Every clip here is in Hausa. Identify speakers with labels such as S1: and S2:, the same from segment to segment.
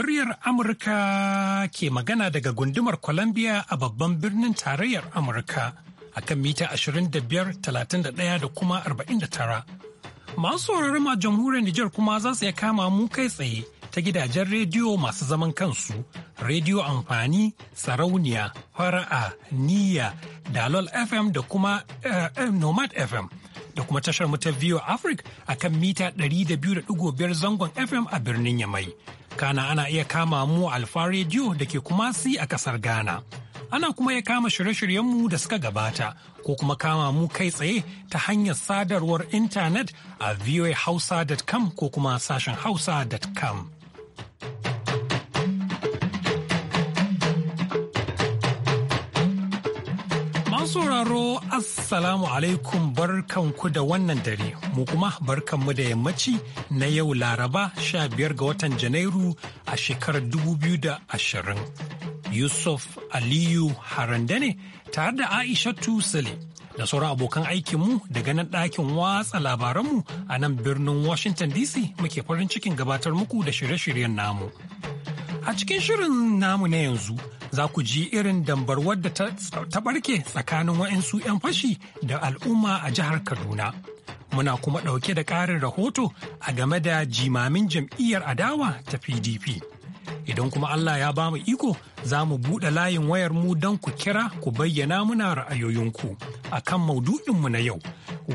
S1: muryar Amurka ke magana daga gundumar Columbia a babban birnin tarayyar Amurka a kan mita 25,31 da kuma 49. Masu sauraron a jamhuriyar Nijar kuma za su iya kama mu kai tsaye ta gidajen rediyo masu zaman kansu, rediyo amfani, sarauniya, fara'a, niyya, dalol FM da kuma eh, eh, Nomad FM. da kuma tashar mu ta View Africa a kan mita 200.5 zangon FM a birnin Yamai. Kana ana iya kama mu Alfa Radio da ke kuma si a kasar Ghana. Ana kuma ya kama shirye-shiryenmu da suka gabata ko kuma kama mu kai tsaye ta hanyar sadarwar intanet a voahausa.com ko kuma sashen hausa.com. Masu sauraro Assalamu alaikum barkanku da wannan dare, mu kuma barkanmu da yammaci na yau Laraba 15 ga watan Janairu a shekarar 2020. Yusuf Aliyu ne tare da Aisha Tusale da sauran abokan aikinmu daga nan ɗakin watsa labaranmu a nan birnin Washington DC muke farin cikin gabatar muku da shirye-shiryen namu. A cikin shirin namu na yanzu za ku ji irin dambarwar da ta barke tsakanin wa'insu 'yan fashi da al'umma a jihar Kaduna. Muna kuma ɗauke da ƙarin rahoto a game da jimamin jam'iyyar adawa ta PDP. Idan kuma Allah ya ba mu iko, za mu buɗe layin wayar mu don ku kira ku bayyana muna ra'ayoyinku a kan mu na yau.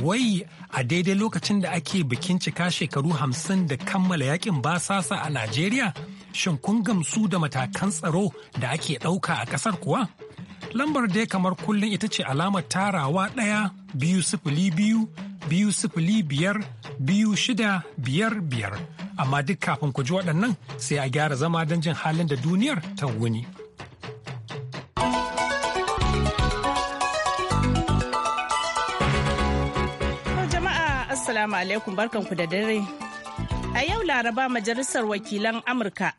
S1: Wai a daidai lokacin da ake bikin cika shekaru hamsin da kammala yakin basasa a Najeriya, shin kun gamsu da matakan tsaro da ake ɗauka a ƙasar kuwa? Lambar dai kamar kullum ita ce alamar tarawa ɗaya biyu sifili biyu biyu sifili biyar biyu shida biyar biyar amma duk kafin ku ji waɗannan sai a gyara zama don jin halin da duniyar ta wuni.
S2: jama'a assalamu alaikum barkanku da dare a yau laraba majalisar wakilan amurka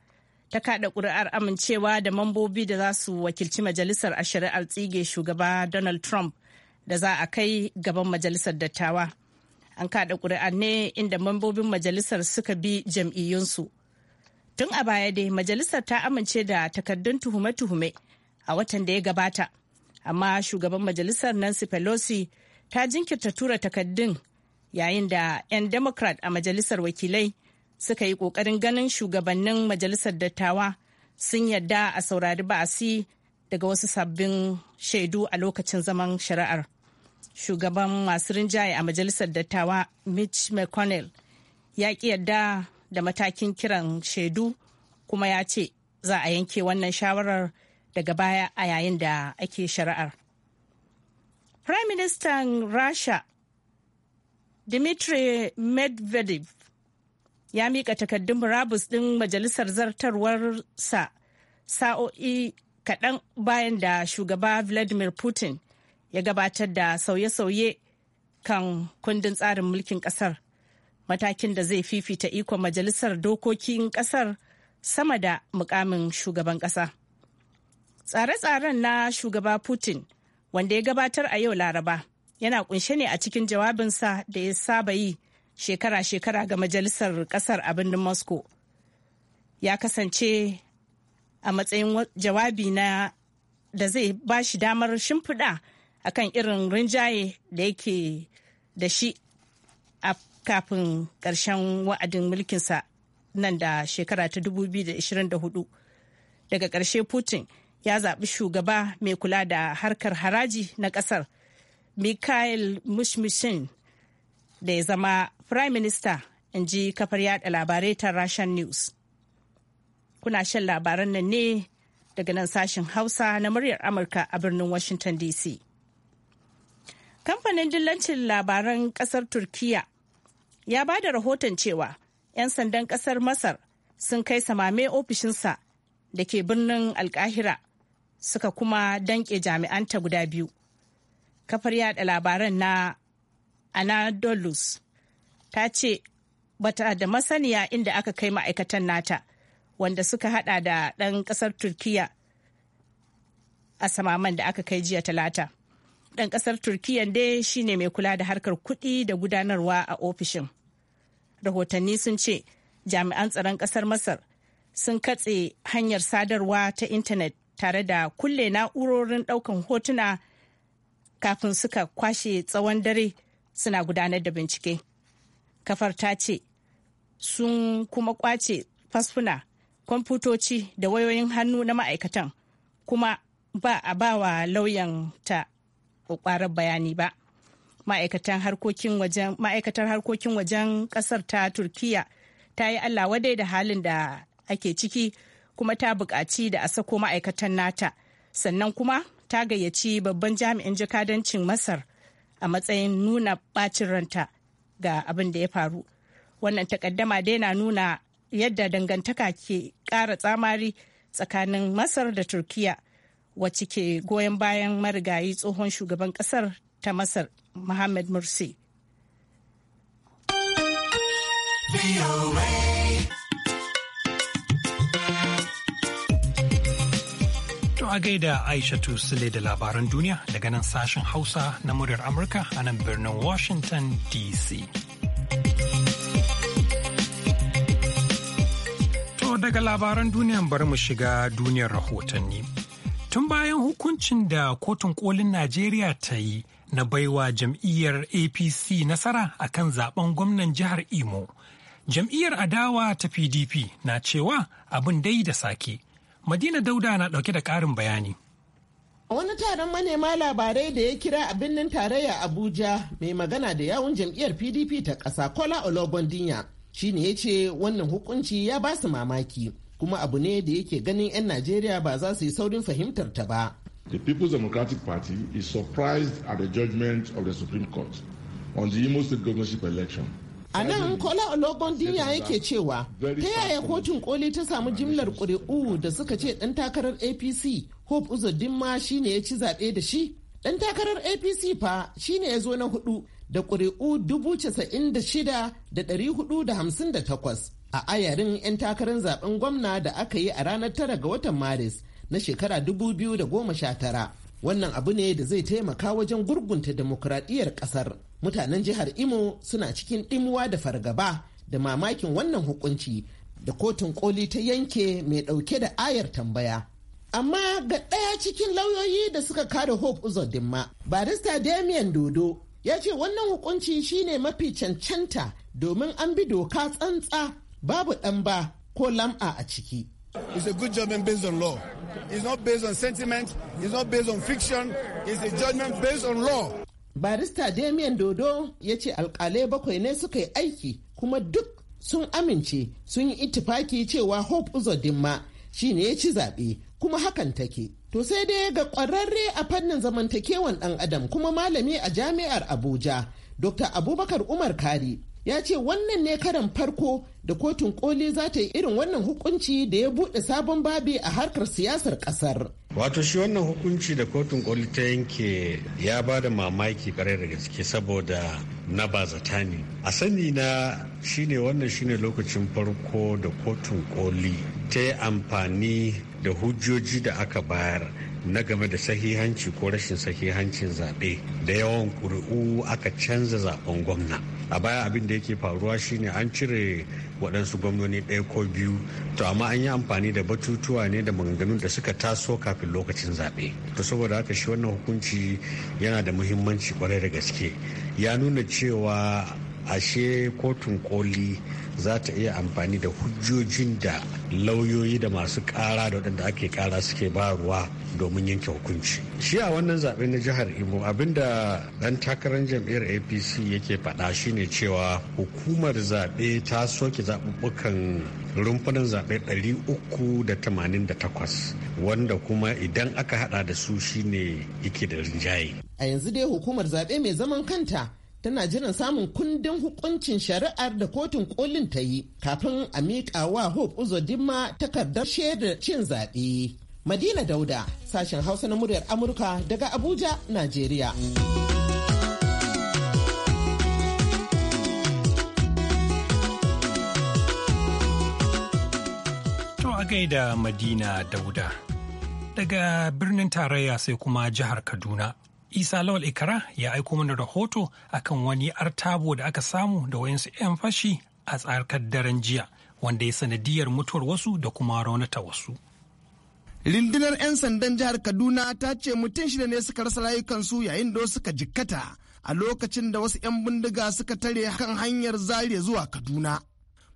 S2: ta kada ƙuri'ar amincewa da mambobi da za su wakilci majalisar a shari'ar tsige shugaba donald trump da za a kai gaban majalisar dattawa. An kaɗa ƙuri'a ne inda mambobin majalisar suka bi jam'iyyunsu. Tun a baya dai majalisar ta amince da takardun tuhume-tuhume a watan da ya gabata. Amma shugaban majalisar Nancy Pelosi ta jinkirta tura takardun yayin da 'yan Democrat a majalisar wakilai suka yi ƙoƙarin ganin shugabannin majalisar dattawa sun yadda a saurari ba'asi daga wasu sabbin shaidu a lokacin zaman shari'ar. shugaban masu rinjaye a majalisar dattawa mitch mcconnell ya ki yarda da matakin kiran shaidu kuma ya ce za a yanke wannan shawarar daga baya a yayin da ake shari'ar prime minister rasha dmitry medvedev ya mika takardun murabus ɗin majalisar zartarwarsa sa'o'i kaɗan bayan da shugaba vladimir putin ya gabatar da sauye-sauye kan kundin tsarin mulkin kasar matakin da zai fifita ikon majalisar dokokin kasar sama da mukamin shugaban kasa tsare-tsaren na shugaba putin wanda ya gabatar a yau laraba yana kunshe ne a cikin jawabinsa da ya saba yi shekara-shekara ga majalisar kasar a birnin moscow ya kasance a matsayin jawabi na da zai ba shi damar shimfiɗa akan irin rinjaye da yake da shi a kafin ƙarshen wa'adin mulkinsa nan da shekara ta 2024 daga ƙarshe putin ya zaɓi shugaba mai kula da harkar haraji na ƙasar mikhail mushmishin da ya zama prime minister in ji kafar yada labarai ta russian news kuna shan labaran nan ne daga nan sashen hausa na muryar amurka a birnin washington dc Kamfanin dillancin labaran kasar Turkiya ya ba da rahoton cewa 'yan sandan kasar Masar sun kai samame ofishinsa da ke birnin Alkahira suka kuma danke jami'anta guda biyu. Kafar yada labaran na Anadolus ta ce bata da masaniya inda aka kai ma'aikatan nata wanda suka hada da ɗan ƙasar Turkiya a samaman da aka kai jiya talata. dan ƙasar turkiya dai shine mai kula da harkar kuɗi da gudanarwa a ofishin rahotanni sun ce jami'an tsaron ƙasar masar sun katse hanyar sadarwa ta intanet tare da kulle na'urorin ɗaukan hotuna kafin suka kwashe tsawon dare suna gudanar da bincike kafar ta ce sun kuma kwace fasfuna kwamfutoci da wayoyin hannu na ma'aikatan kuma ba a bawa lauyan ta ƙwaƙwarar bayani ba ma'aikatar harkokin wajen ƙasar ta turkiya ta yi allah wadai da halin da ake ciki kuma ta buƙaci da a sako ma'aikatan nata sannan kuma ta gayyaci babban jami'in jakadancin masar a matsayin nuna ɓacin ranta ga abin da ya faru wannan takaddama dai na nuna yadda dangantaka ke ƙara tsamari tsakanin masar da turkiyya wacce ke goyon bayan marigayi tsohon shugaban kasar ta masar Muhammad murse.
S1: To a gaida Aishatu Sule da labaran duniya daga nan sashen Hausa na muryar Amurka a nan birnin Washington DC. To daga labaran duniya bari mu shiga duniyar rahotanni. tun bayan hukuncin da kotun kolin najeriya ta yi na baiwa jam'iyyar apc nasara a kan zaben gwamnan jihar imo jam'iyyar adawa ta pdp na cewa abin dai da sake madina dauda na dauke da karin bayani
S3: A wani taron manema labarai da ya kira a birnin tarayya Abuja mai magana da yawun jam'iyyar PDP ta ƙasa Kola Ologondinya, shi ne ya ce wannan hukunci ya ba su mamaki. kuma abu ne da yake ganin 'yan najeriya ba za su yi saurin fahimtar ta ba the people's democratic party is surprised at the judgment of the supreme court
S4: on the imo state governorship election
S3: a nan kola ologon dinya yake cewa
S4: ta yaya
S3: kotun koli ta samu jimlar ƙuri'u da suka ce ɗan takarar apc hope uzodinma shine ya ci zaɓe da shi ɗan takarar apc fa shine ya zo na hudu da ƙuri'u dubu da shida takwas, a ayarin 'yan takarar zaben gwamna da aka yi a ranar 9 ga watan maris na shekara dubu biyu da goma sha tara, wannan abu ne da zai taimaka wajen gurgunta demokuraɗiyyar ƙasar mutanen jihar imo suna cikin ɗimuwa da fargaba da mamakin wannan hukunci da kotun koli ta yanke mai ɗauke da ayar tambaya amma ga ɗaya cikin lauyoyi da suka kare hope uzodinma barista damian dodo ya ce wannan hukunci shine mafi cancanta domin an bi doka tsantsa babu ɗan ba ko lam'a a ciki. It's a good judgment based on law. It's not based on sentiment.
S5: It's not based on fiction. It's a judgment based on law.
S3: Barista Damien Dodo ya ce alkalai bakwai ne suka yi aiki kuma duk sun amince sun yi itifaki cewa Hope Uzodinma shi ne ya ci zaɓe kuma hakan take. To sai dai ga ƙwararre a fannin zamantakewan ɗan adam kuma malami a jami'ar Abuja, Dr. Abubakar Umar Kari ya ce wannan ne karan farko da kotun koli za ta yi irin wannan hukunci da ya buɗe sabon babi a harkar siyasar ƙasar.
S6: wato shi wannan hukunci da kotun koli ta yanke ya ba da mamaki ƙarai da gaske saboda na ba ne a sani na shine wannan shine lokacin farko da kotun koli ta yi amfani da hujjoji da aka bayar na game da sahihanci ko rashin sahihancin zaɓe da yawan ƙuri'u aka canza zaɓen gwamna a baya abin da yake faruwa shine an cire waɗansu gwamnoni ɗaya ko biyu to amma an yi amfani da batutuwa ne da maganganun da suka taso kafin lokacin zaɓe to saboda haka shi wannan hukunci yana da muhimmanci kwarai da gaske ya nuna cewa ashe kotun koli za ta iya amfani da hujjojin da lauyoyi da masu kara da waɗanda ake kara suke bayarwa domin yanke hukunci shi a wannan zaɓe na jihar imo abinda ɗan takarar jam'iyyar apc yake faɗa shine cewa hukumar zaɓe ta soke zaɓuɓɓukan rumfunan zaɓe 388 wanda kuma idan aka haɗa da su shine yake da rinjaye
S3: a yanzu dai hukumar zaɓe mai zaman kanta tana jiran samun kundin hukuncin shari'ar da kotun kolin ta yi kafin a miƙa wa Hope Uzodinma takardar shaidar cin zaɓe. Madina Dauda, sashen Hausa na muryar Amurka daga Abuja, Najeriya.
S1: gaida Madina Dauda. Daga birnin tarayya sai kuma jihar Kaduna, Isa Lawal Ikara ya aiko mana rahoto akan wani artabo da aka samu da wayansu 'yan fashi a tsakar daren jiya wanda ya sanadiyar mutuwar wasu da kuma raunata wasu.
S5: Rindinar 'yan sandan jihar Kaduna ta ce mutum shida ne suka rasa rayukansu yayin da suka jikkata a lokacin da wasu 'yan bindiga suka tare kan hanyar zare zuwa Kaduna.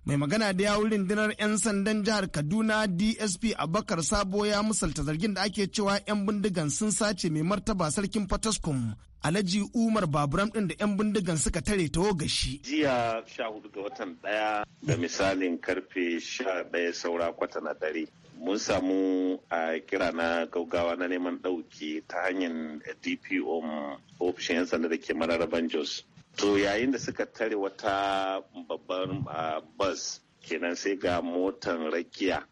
S5: mai magana da yawun rundunar 'yan sandan jihar kaduna dsp a Bakar sabo ya musalta zargin da ake cewa 'yan bindigan sun sace mai martaba sarkin fataskum alhaji umar baburam din da 'yan bindigan suka tare ta shi
S7: jiya sha hudu ga watan daya da misalin karfe sha daya saura kwata na dare mun samu a kira na gaugawa na neman ɗauki ta hanyar dpo ofishin 'yan sanda da ke mararaban jos to yayin da suka tare wata babban bus kenan sai ga motan rakiya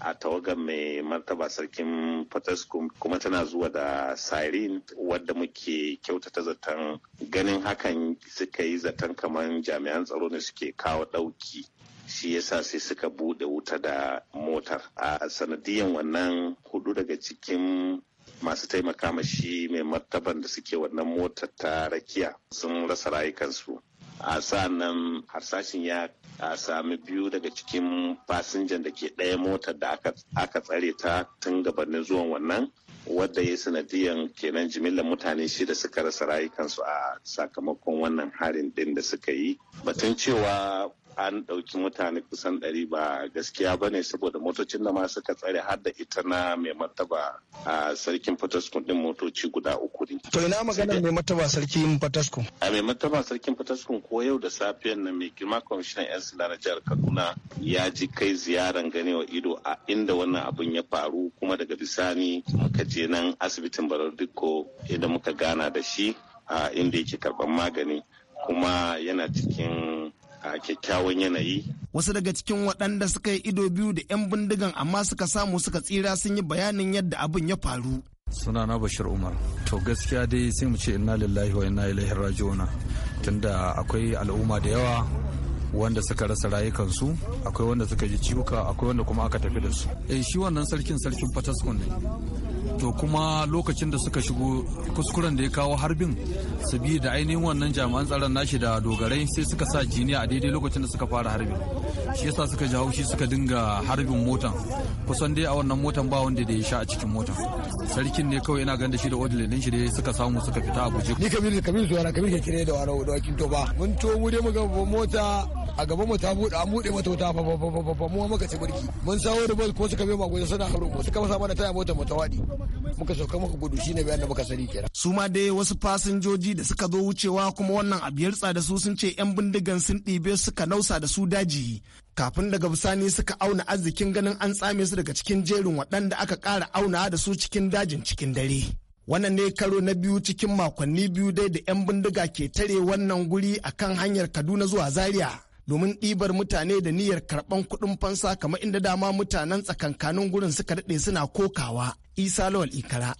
S7: a tawagar mai martaba sarkin fataskum kuma tana zuwa da siren wadda muke kyautata zaton ganin hakan suka yi zaton kamar jami'an tsaro ne suke kawo ɗauki shi yasa sai suka bude wuta da motar a sanadiyan wannan hudu daga cikin masu taimaka ma shi mai martaban da suke wannan motar ta rakiya sun rasa rayukansu a sa'annan harsashin ya sami biyu daga cikin fasinjan da ke ɗaya motar da aka tsare ta tun gabanin zuwan wannan wadda ya sanadiyan kenan jimillar mutane shi da suka rasa rayukansu a sakamakon wannan harin din da suka yi batun cewa an ɗauki mutane kusan ɗari ba gaskiya ba ne saboda motocin da ma suka tsare har da ita na mai martaba a sarkin fataskun ɗin motoci guda uku ne.
S5: To ina maganar mai martaba sarkin fataskun?
S7: A mai martaba sarkin fataskun ko yau da safiyan na mai girma kwamishinan 'yan sila na jihar Kaduna ya ji kai ziyaran wa ido a inda wannan abun ya faru kuma daga bisani muka je nan asibitin Barar Dikko idan muka gana da shi a inda yake karban magani kuma yana cikin a kyakkyawan yanayi.
S5: Wasu daga cikin waɗanda suka yi ido biyu da 'yan bindigan amma suka samu suka tsira sun yi bayanin yadda abin ya faru.
S8: Suna na Bashir Umar. To gaskiya dai sai mu ce inna lillahi wa inna ilaihi raji'una. Tunda akwai al'umma da yawa wanda suka rasa rayukansu akwai wanda suka ji ciwuka akwai wanda kuma aka tafi da su. Eh shi wannan sarkin sarkin fatasko ne. to kuma lokacin da suka shigo kuskuren da ya kawo harbin da ainihin wannan jami'an tsaron nashi da dogarai sai suka sa jiniya a daidai lokacin da suka fara harbin shi yasa suka ji haushi suka dinga harbin motan kusan dai a wannan motan ba wanda da ya sha a cikin motan sarkin ne kawai yana da shi da odile din shi da suka samu suka fita a guje ni kabiru
S5: kamin zuwa kamin ke kire da wani da to ba mun to mu dai muga mota a gaba mu ta bude an bude mata wuta fa fa fa mu muka ci burki mun sawo da bal ko suka bai ma guje suna haro suka masa mana taya mota mu ta wadi muka sauka muka gudu shine bayan da muka sani kenan su ma dai wasu fasinjoji da suka zo wucewa kuma wannan abiyar da su sun ce yan bindigan sun ɗibe suka nausa da su daji kafin daga bisani suka auna arzikin ganin an tsame su daga cikin jerin waɗanda aka ƙara auna da su cikin dajin cikin dare wannan ne karo na biyu cikin makonni biyu dai da 'yan bindiga ke tare wannan guri akan hanyar kaduna zuwa zaria domin ɗibar mutane da niyyar karɓan kuɗin fansa kamar inda dama mutanen tsakankanin gurin suka daɗe suna kokawa isa lawal ikara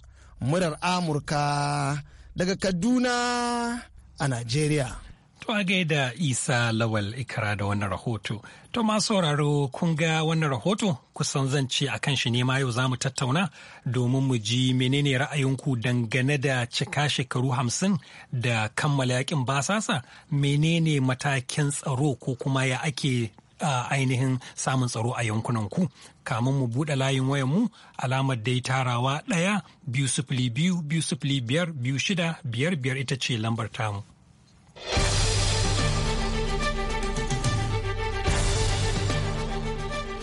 S5: murar amurka daga kaduna a nigeria.
S1: To a gaida Isa Lawal Ikra da wannan rahoto. To ma sauraro kun ga wannan rahoto kusan zan ce a kan shi ne ma yau za mu tattauna domin mu ji menene ra'ayinku dangane da cika shekaru hamsin da kammala yakin basasa menene matakin tsaro ko kuma ya ake Uh, ainihin samun tsaro a yankunan ku kamun mu buɗe layin wayan mu alamar dai tarawa ɗaya biyu sifili biyu biyu sifili biyar biyu shida biyar biyar ita ce lambar tamu.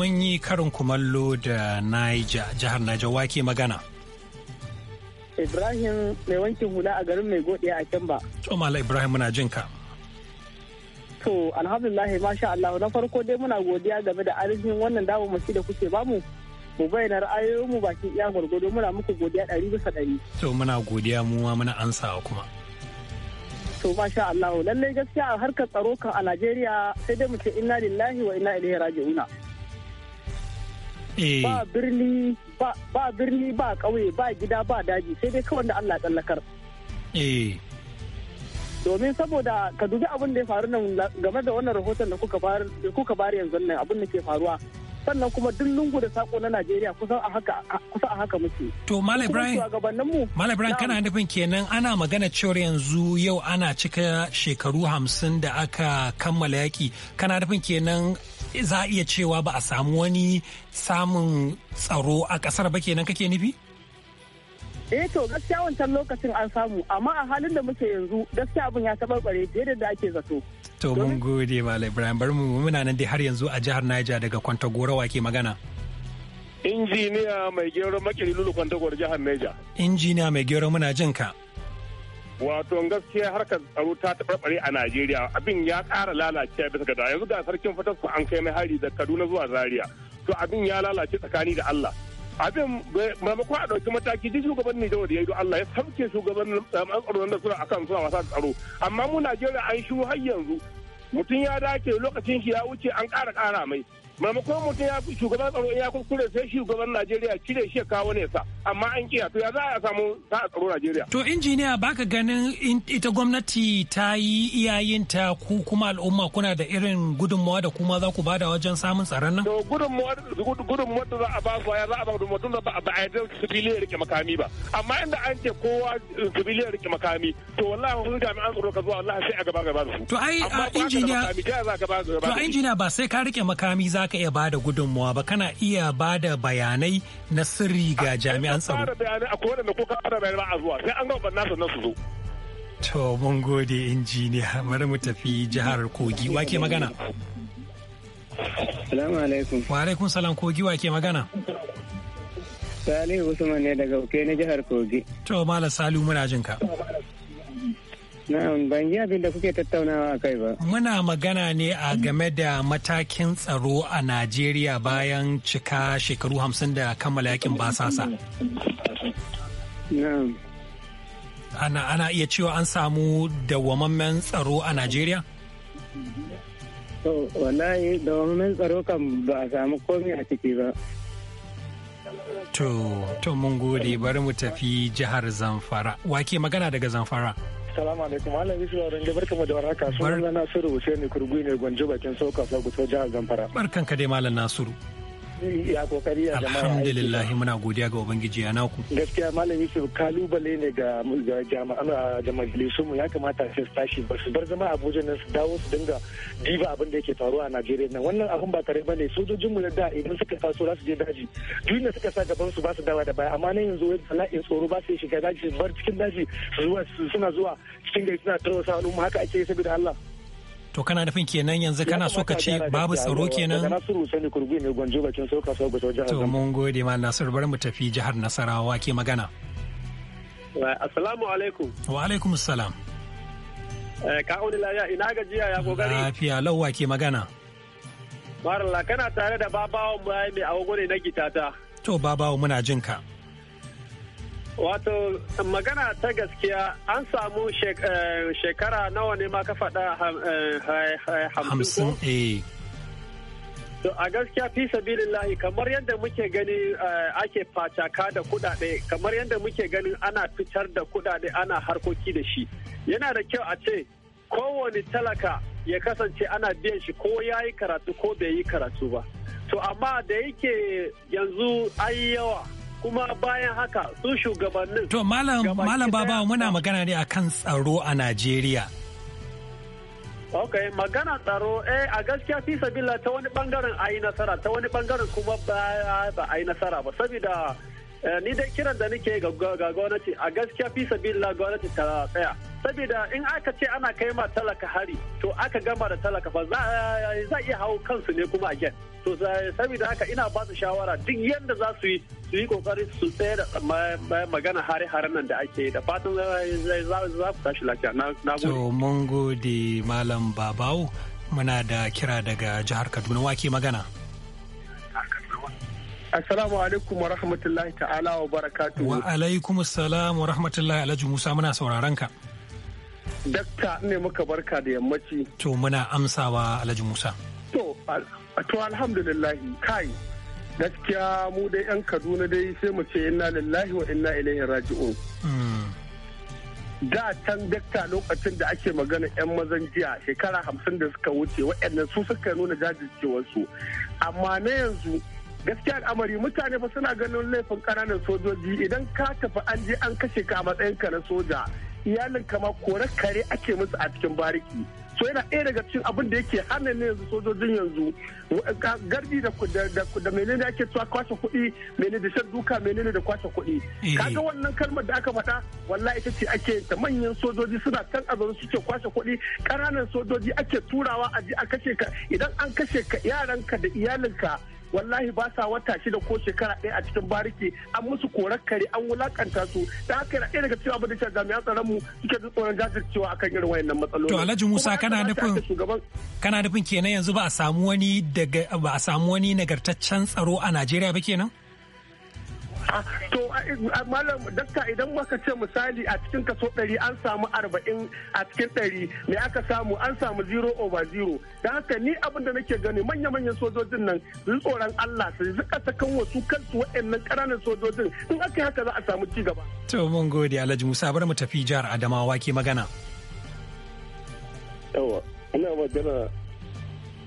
S1: mun yi karin kumallo da Niger, jihar Niger wake magana.
S9: Ibrahim mai wankin hula a garin mai gode a kemba. ba. To
S1: Ibrahim muna jin ka.
S9: To alhamdulillah masha Allah na farko dai muna godiya game da arzikin wannan dawo masu da kuke bamu. Mu bayyana ra'ayoyinmu baki iya gwargwado muna muku godiya ɗari bisa ɗari.
S1: To muna godiya mu ma muna ansawa kuma.
S9: To masha Allah lallai gaskiya a harkar tsaro kan a Najeriya sai dai mu ce inna lillahi wa inna ilaihi raji'una. Eh. ba birni ba birni ba ƙauye ba gida ba daji sai dai kawai da Allah tsallakar eh. domin saboda ka dubi abin da ya faru nan game da wannan rahoton da kuka bari yanzu nan abin da ke faruwa sannan kuma duk lungu da sako na Najeriya kusan a haka kusa a haka muke. To Malam Ibrahim
S1: Malam Ibrahim kana nufin kenan ana magana cewar yanzu yau ana cika shekaru hamsin da aka kammala yaki kana nufin kenan za a iya cewa ba a samu wani samun tsaro a kasar ba kenan kake nufi?
S9: eh to gaskiya wancan lokacin an samu amma a halin da muke yanzu gaskiya abin ya tabarbare fiye da ake zato
S1: to mun gode malam ibrahim bari mu muna nan dai har yanzu a jihar niger daga gorawa ke magana
S10: injiniya mai gero makirin lulu kwantagora jihar niger
S1: injiniya mai gero muna jin ka
S10: wato gaskiya harkar tsaro ta taɓarɓare a najeriya abin ya ƙara lalacewa bisa ga yanzu da sarkin fatasku an kai mai hari da kaduna zuwa zaria to abin ya lalace tsakani da allah abin maimakon a ɗauki mataki duk shugaban Nijar da ya yi Allah ya sauke shugaban eh, tsaro da suna akan suna wasa tsaro amma mu Najeriya an shiru har yanzu mutum ya dace lokacin shi ya wuce an ƙara ƙara mai maimakon mutum ya fi shugaban tsaro ya kuskure sai shugaban najeriya cire shi kawo ne sa amma an kiya to ya za a samu
S1: ta tsaro najeriya to injiniya baka ganin ita gwamnati ta yi iyayinta ku kuma al'umma kuna da irin gudunmawa da kuma za ku bada wajen samun tsaron nan to gudunmawa gudunmawa da za a ba su ya za a ba gudunmawa tun da ba a yarda sibili ya rike makami ba amma inda
S10: an ce kowa sibili ya rike makami to wallahi wani jami'an tsaro ka zuwa wallahi sai a gaba gaba da su to ai injiniya
S1: to injiniya ba sai ka rike makami za ka iya bada gudunmuwa ba kana iya bada bayanai na sirri ga jami'an tsaro. Ba
S10: bayanai a kowane da kuka fara bayanai ba a zuwa sai an ga banna sannan su zo.
S1: To mun gode injiniya bari mu tafi jihar Kogi wake magana. Salamu alaikum. Wa alaikum salam Kogi wake magana.
S9: Salihu Usman ne daga Uke na jihar Kogi.
S1: To Malam Salu muna jin ka. ban yi abin da kuke tattaunawa a kai ba. Muna magana ne a game da matakin tsaro a Najeriya bayan cika shekaru hamsin da kammala yakin basasa. Ana, ana iya cewa an samu dawwamammen tsaro a Najeriya?
S9: To, wallahi dawwamammen tsaro kan ba a samu komi a ciki ba.
S1: To, to mun gode bari mu tafi jihar Zamfara. Wake magana daga Zamfara?
S10: Salamu alaikum Malam Yusuf barka barkamu da warhaka sunan Nasiru Hussein kurgu ne Gwanjo bakin sauka. Sokoto Sokoto jihar Zamfara.
S1: Barkanka dai Malam Nasiru.
S10: ya kokari ya alhamdulillah
S1: muna godiya ga ubangiji ya naku
S10: gaskiya malam yusuf kalubale ne ga jami'an da majalisun mu ya kamata su tashi ba su bar zama abuja nan su dawo su dinga diba abin da yake faruwa a najeriya nan wannan abin ba kare bane sojojin mu na da idan suka taso za su je daji duk da suka sa gaban su ba su dawa da baya amma nan yanzu wai bala'in tsoro ba su shiga daji bar cikin daji suna zuwa cikin gari suna tarwasa al'umma haka ake yi saboda Allah
S1: to kana nufin kenan yanzu kana so ka ce babu tsaro kenan To mun gode ma Nasiru bari mu tafi jihar Nasarawa ke magana
S8: Assalamu alaikum Wa alaikum salam. Eh, ka auni lafiya ina gajiya ya kokari
S1: Lafiya lawa ke magana
S8: Marla kana tare da babawan mai mai a ne na gitata
S1: To babawan muna jin ka
S8: Wato magana ta gaskiya an samu eh, shekara nawa ne ma ka faɗa eh, hamsin eh. To a gaskiya fi sabilillahi kamar yadda muke gani ake facaka da kudade kamar yadda muke ganin ana fitar da kudade ana harkoki da shi yana da kyau a ce kowane talaka ya kasance ana biyan shi ko ya yi karatu ko bai yi karatu ba to amma da yake yanzu ayi yawa kuma bayan haka su shugabannin to malam malam baba
S1: muna magana ne a kan tsaro a Najeriya
S8: ok magana tsaro eh a gaskiya fi sabila ta wani bangaren ayi nasara ta wani bangaren kuma ba a yi nasara ba sabida. Eh, ni dai kiran da nake ga gwamnati a gaskiya fi sabila gwamnati ta tsaya saboda in aka ce ana kai ma talaka hari to aka gama da talaka fa za eh, iya hau kansu ne kuma again to saboda haka ina ba su shawara duk yadda za su yi su yi kokari su tsaye da magana hare haren nan da ake da fatan eh, za su tashi lafiya na gode
S1: to mun gode malam babawo muna da kira daga jihar kaduna wake magana
S10: Assalamu alaikum wa rahmatullahi ta'ala wa barakatu. Wa
S1: alaikum salam wa rahmatullahi alhaji Musa muna sauraron ka. Dakta ne muka barka da yammaci. To muna amsawa alhaji Musa. To to alhamdulillahi kai
S10: gaskiya mu dai yan Kaduna dai sai mu ce inna lillahi wa inna ilaihi raji'un. Hmm. Da can dakta lokacin da ake magana 'yan mazan jiya shekara hamsin da suka wuce waɗannan su suka nuna jajircewarsu amma na yanzu gaskiya al'amari mutane fa suna ganin laifin ƙananan sojoji idan ka tafi an je an kashe ka a matsayin ka na soja iyalin kama kore kare ake musu a cikin bariki so yana ɗaya daga cikin abin da yake hana ne yanzu sojojin yanzu gardi da menene ake cewa kwashe kuɗi menene da shan duka menene da kwashe kuɗi eh. kaga wannan kalmar da aka faɗa wallahi ita ce ake ta manyan sojoji suna a zaune suke kwashe kuɗi ƙananan sojoji ake turawa a ji a kashe ka idan an kashe ka yaranka da iyalinka wallahi ba sa wata shida ko shekara ɗaya a cikin bariki an musu korar kare an wulakanta su da haka yana ɗaya daga cewa abin da shi jami'an tsaron mu suke jin tsoron jajircewa akan irin wayannan matsaloli.
S1: To Alhaji Musa kana nufin kana nufin kenan yanzu ba a samu ba a samu wani nagartaccen tsaro a Najeriya ba kenan?
S10: to malam dakta idan muka ce misali a cikin kaso 100 an samu 40 a cikin 100 me aka samu an samu 0 over 0 dan haka ni abin da nake gani manya-manyan sojojin nan su tsoron Allah su zuka sakan wasu kansu waɗannan ƙananan sojojin in aka haka za a samu ci gaba
S1: to mun gode Alhaji Musa bar mu tafi jihar Adamawa ke magana
S4: yawa
S10: ina magana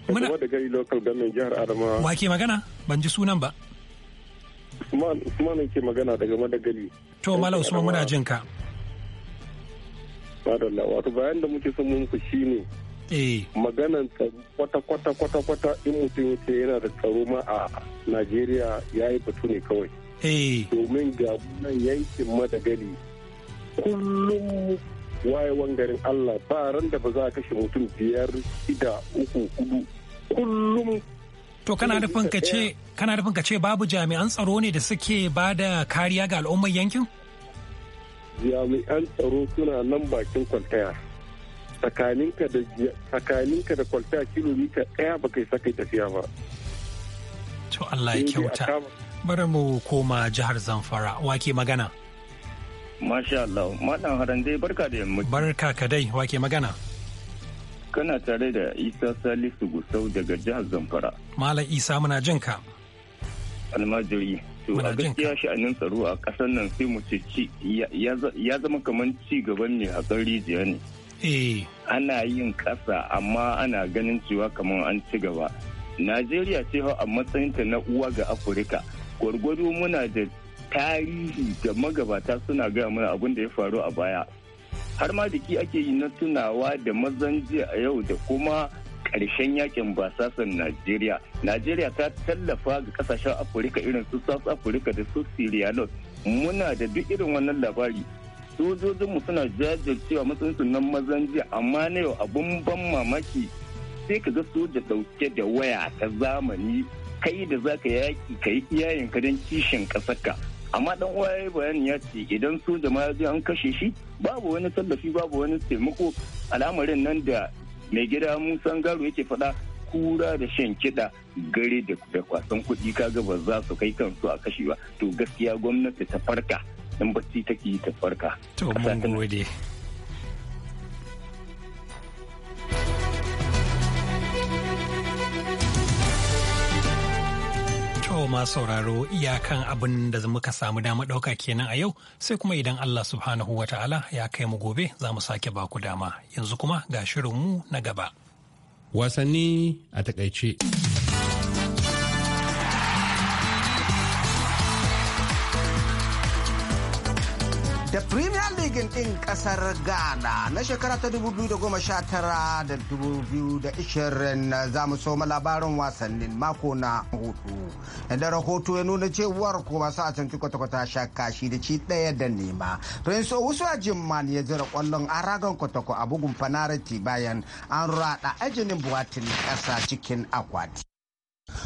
S10: Muna da gari local government jihar Adamawa. Wa ke
S1: magana? Ban ji sunan ba.
S10: Usman Usman ke magana daga Madagali.
S1: To Malam Usman muna jin ka. Madalla wato bayan da muke son mun shine eh.
S10: maganan kwata kwata kwata kwata in mutum yace yana da tsaro ma a Najeriya yayi batu ne kawai. Eh. Domin ga nan yankin Madagali kullum wayewan garin Allah ba ran da ba za a kashe mutum biyar
S1: shida uku hudu kullum To kana nufin ka ce kana nufin ka ce babu jami'an tsaro ne da suke ba da kariya ga al'ummar yankin?
S10: Jami'an tsaro suna nan bakin kwaltaya. Tsakaninka da tsakaninka da kwaltaya kilomita ɗaya ba kai sakai tafiya ba.
S1: To Allah ya kyauta. Bari mu koma jihar Zamfara, wake magana.
S4: Masha Allah, Madan Haran dai barka da yammaci. Barka ka dai, wake magana. kana tare da isa salisu gusau daga jihar zamfara
S1: malam isa muna jin ka
S4: almajiri to a gaskiya sha'anin tsaro a ƙasar nan sai mu ce ya zama kamar ci gaban ne a kan rijiya ne eh. ana yin ƙasa amma ana ganin cewa kamar an ci gaba najeriya ce hau a matsayin ta na uwa ga afirka gwargwado muna da tarihi da magabata suna gaya mana abin da ya faru a baya har ma da ki ake yi na tunawa da mazan jiya a yau da kuma ƙarshen yakin basasan Najeriya. Najeriya ta tallafa ga kasashen Afirka irin su South Africa da su Syria Muna da duk irin wannan labari. Sojojinmu suna jajircewa matsayinsu na mazan jiya amma na yau abun ban mamaki sai ka ga soja dauke da waya ta zamani kai da zaka ka yaki ka yi iyayen ka don kishin ƙasarka amma dan uwa ya bayani ya ce idan su da an kashe shi babu wani tallafi babu wani taimako al'amarin nan da mai gida musan garo yake faɗa kura da shan kiɗa gare da kwasan kuɗi kaga ba za su kai kansu a kashe ba to gaskiya gwamnati ta farka in bacci take ta farka
S1: to mun gode wa sauraro iyakan abin da muka samu dama ɗauka kenan a yau sai kuma idan Allah subhanahu wa ta'ala ya kai mu gobe za mu sake ba ku dama yanzu kuma ga shirinmu na gaba.
S6: Wasanni a takaice.
S11: The Bikin ɗin ƙasar Ghana na shekara ta 2019 da 2020 za mu soma labarin wasannin mako na hutu. Da rahoto ya nuna cewar kuma a canci kwata-kwata sha kashi da ci ɗaya da nema. Prince Owusu Jimman ya jira ƙwallon a ragan a bugun fanarati bayan an raɗa ajinin buwatin ƙasa cikin akwati.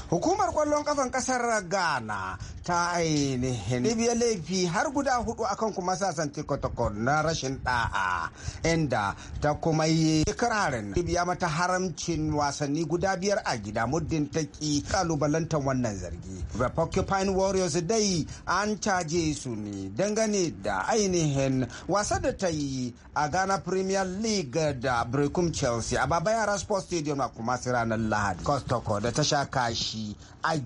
S11: Hukumar kwallon kafan kasar Ghana ta ainihin biya laifi har guda hudu akan kuma sasan tikotoko na rashin da'a inda ta kuma yi ikirarin ibiya mata haramcin wasanni guda biyar a gida muddin ta ki kalubalantar wannan zargi. The Porcupine Warriors dai an caje su ne dangane da ainihin wasa da ta yi a Ghana Premier League da brekum Chelsea a Baba Yara Sports Stadium a kuma ranar Lahadi. Kostoko da ta sha kashi shi a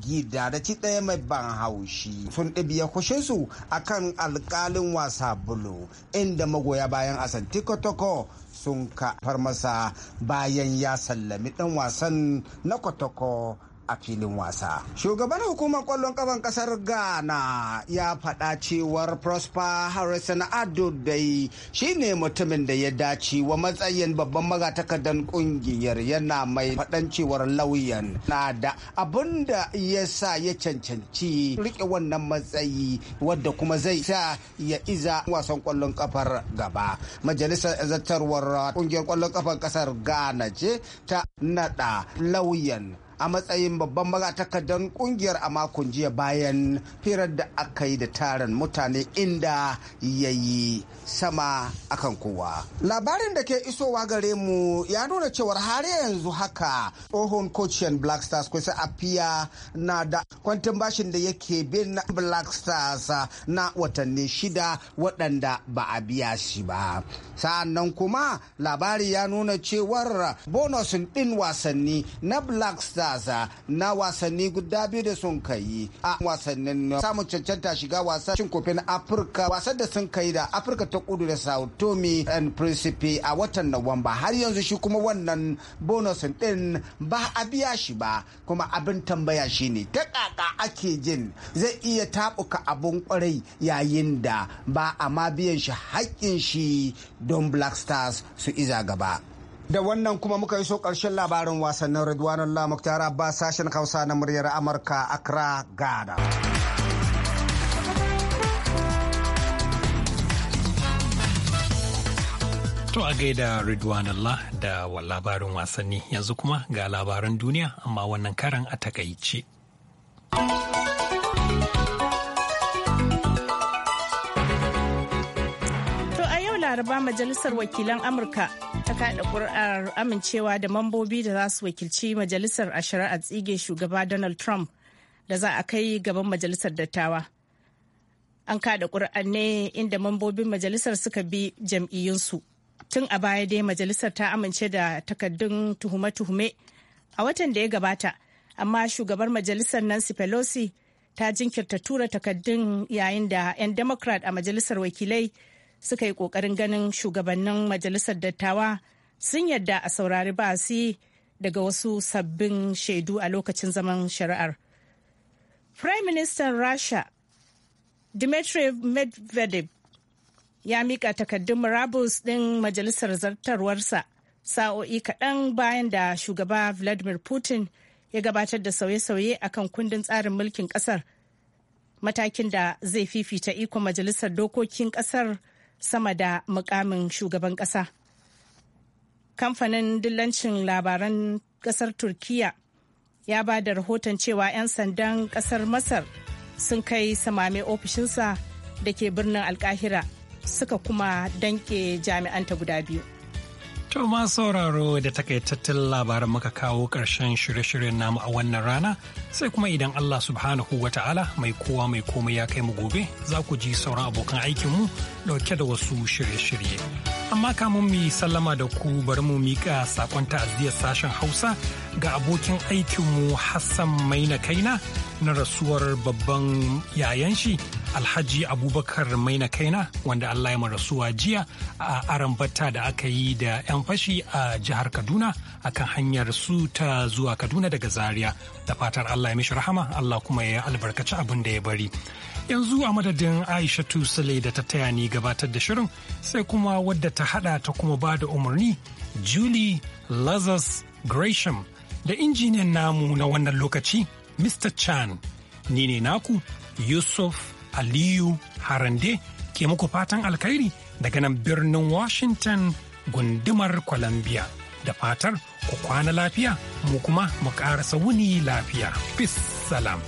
S11: ci ɗaya mai ban haushi sun ɗabi ya kushe su a kan alkalin wasa bulo inda magoya bayan asanti kotoko sun ka farmasa bayan ya sallami ɗan wasan na kotoko a filin wasa shugaban hukumar kwallon kafan kasar ghana ya faɗa cewar prosper harrison Addo dai shine mutumin da ya dace wa matsayin babban magatakardan kungiyar yana mai faɗan cewar lauyan na da abin ya sa ya cancanci rike wannan matsayi wadda kuma zai sa ya iza wasan kwallon kafar gaba majalisar zartarwar kungiyar kwallon kafar kasar ghana ce ta nada lauyan a matsayin babban magatakardar kungiyar a makon jiya bayan firar da aka yi da taron mutane inda ya yi sama akan kowa. Labarin da ke isowa gare mu ya nuna cewar har yanzu haka tsohon kocin Black Stars kusa afiya na da kwantin bashin da yake bin Black Stars na watanni shida waɗanda ba a biya shi ba. Sa'annan kuma labari ya nuna cewar bonus ɗin wasanni na Black Stars matasa na wasanni guda biyu da sun kai a wasannin samun cancanta shiga wasan cin kofin afirka wasan da sun kai da afirka ta kudu da sao tome and principe a watan nawamba har yanzu shi kuma wannan bonus din ba a biya shi ba kuma abin tambaya shi ne ta kaka ake jin zai iya tabuka abun kwarai yayin da ba a ma biyan shi haƙƙin shi don black stars su iza gaba Da wannan kuma muka yi so ƙarshen labarin wasannin Ridwanul Lamuktar Abbas sashen Hausa na muryar Amurka Accra, Ghana.
S1: To a gaida Ridwanullah da labarin wasanni yanzu kuma ga labaran duniya amma wannan karan a takaice.
S2: laraba majalisar wakilan amurka ta kaɗa ƙuri'ar amincewa da mambobi da za su wakilci majalisar a shari'ar tsige shugaba donald trump da za a kai gaban majalisar dattawa an kaɗa ƙuri'ar ne inda mambobin majalisar suka bi jam'iyyunsu tun a baya dai majalisar ta amince da takaddun tuhume-tuhume a watan da ya gabata amma shugabar majalisar nancy pelosi ta jinkirta tura takaddun yayin da 'yan democrat a majalisar wakilai suka yi kokarin ganin shugabannin majalisar dattawa sun yadda a saurari ba'asi daga wasu sabbin shaidu a lokacin zaman shari'ar. Prime Minister russia Dmitry Medvedev ya mika takardun murabus ɗin majalisar zartarwarsa sa'o'i kaɗan bayan da shugaba Vladimir Putin ya gabatar da sauye-sauye a kan kundin tsarin mulkin ƙasar matakin da zai fifita ikon majalisar dokokin ƙasar sama da mukamin shugaban ƙasa. Kamfanin dillancin labaran ƙasar Turkiya ya ba da rahoton cewa 'yan sandan ƙasar Masar sun kai samame ofishinsa da ke birnin Alkahira suka kuma danke jami'anta guda biyu.
S1: To ma sauraro da takaitattun labaran muka kawo ƙarshen shirye-shiryen namu a wannan rana sai kuma idan Allah subhanahu wa ta'ala mai kowa mai komai ya kai mu gobe za ku ji sauran abokan aikinmu ɗauke da wasu shirye-shirye. amma kamun mu sallama da ku bari mu mika sakon ta'aziyyar sashen hausa ga abokin aikinmu hassan maina kaina na rasuwar babban yayan shi alhaji abubakar maina kaina wanda allah ya rasuwa jiya a aron batta da aka yi da 'yan fashi a jihar kaduna a kan hanyar su ta zuwa kaduna daga zaria da fatar allah ya mishi rahama allah kuma ya albarkaci abin da ya bari yanzu a madadin Aisha sule da ta taya ni gabatar da shirin sai kuma wadda ta hada ta kuma ba da umarni julie lazarus gresham da injiniyan namu na wannan lokaci mr chan ni ne naku yusuf Aliyu Harande ke muku fatan alkhairi daga nan birnin Washington gundumar Columbia. Da fatar ku kwana lafiya mu kuma mu ƙarasa wuni lafiya. Peace salam.